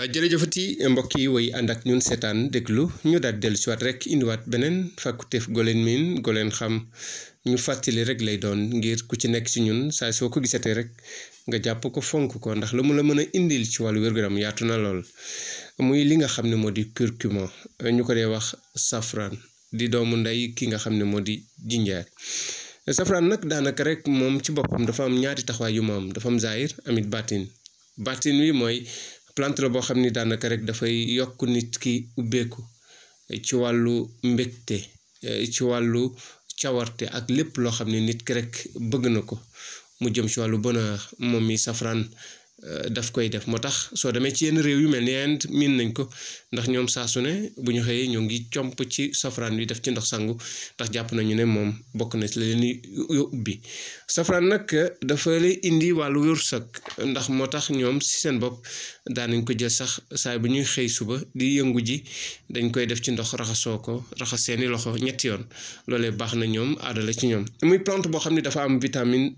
Ah, jërëjëfati mbokk yi woy ànd ak ñun seetaan déglu ñu daal dellu siwaat rek indiwaat beneen fàkkuteef goleen miin goleen xam ñu fàttali rek lay doon ngir ku ci nekk si ñun saa soo ko gisatee rek nga jàpp ko fonk ko ndax lu mu la mën a indil ci wàllu wér yaatu na lool muy li nga xam ne moo di curcuma ñu ko dee wax safran di doomu ndey ki nga xam ne moo di jinjeer safran nag daanaka rek moom ci boppam dafa am ñaari taxawaay yu moom dafa am amit baatin baatin wi mooy plante la boo xam ni daanaka rek dafay yokk nit ki ubbeeku ci wàllu mbégte ci wàllu cawarte ak lépp loo xam ne nit ki rek bëgg na ko mu jëm ci wàllu bonheur moom mi safaraan Euh, daf koy def moo tax soo demee ci yenn réew yu mel ni Inde miin nañ ko ndax ñoom saa su ne bu ñu xëyee ñoo ngi comp ci safraan bi def ci ndox sangu ndax jàpp nañu ne moom bokk na ci la leen ubbi safraan nag dafa lay indi wàllu wërsëg ndax moo tax ñoom si seen bopp daanañ ko jël sax saay bu ñuy xëy suba di yëngu ji dañ koy def ci ndox raxasoo ko raxas seeni loxo ñetti yoon loolee baax na ñoom aadala ci ñoom muy plante boo xam ne dafa am vitamine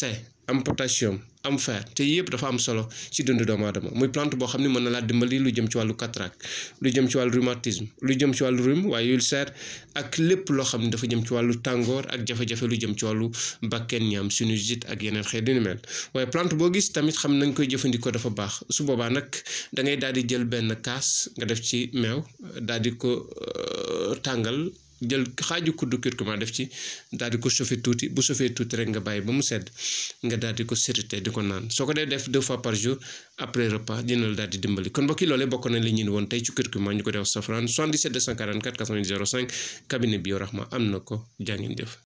C. am potassium am fer te yëpp dafa am solo ci dundu doomu dama muy plante boo xam ne mën na laa dimbali lu jëm ci wàllu cataracte lu jëm ci wàllu rhumatisme lu jëm ci wàllu rhume waaye ulcère ak lépp loo xam ne dafa jëm ci wàllu tàngoor ak jafe-jafe lu jëm ci wàllu bakken ñaam sinusite ak yeneen xeet yu ni mel waaye plante boo gis tamit xam nañ koy jëfandikoo dafa baax su boobaa nag da ngay daal di jël benn kaas nga def ci meew daal di ko euh, tàngal. jël xaaju kuddu curcuma def ci daal di ko chauffer tuuti bu chauffer tuuti rek nga bàyyi ba mu sedd nga daal di ko sérité di ko naan soo ko dee def deux fois par jour après repas dina la daal di dimbali kon mbokk yi loolee bokk nañ li ñu woon tey ci curcuma ñu ko def safran 77 244 90 05 cabinet Biorahma am na ko jaa ngeen jëf.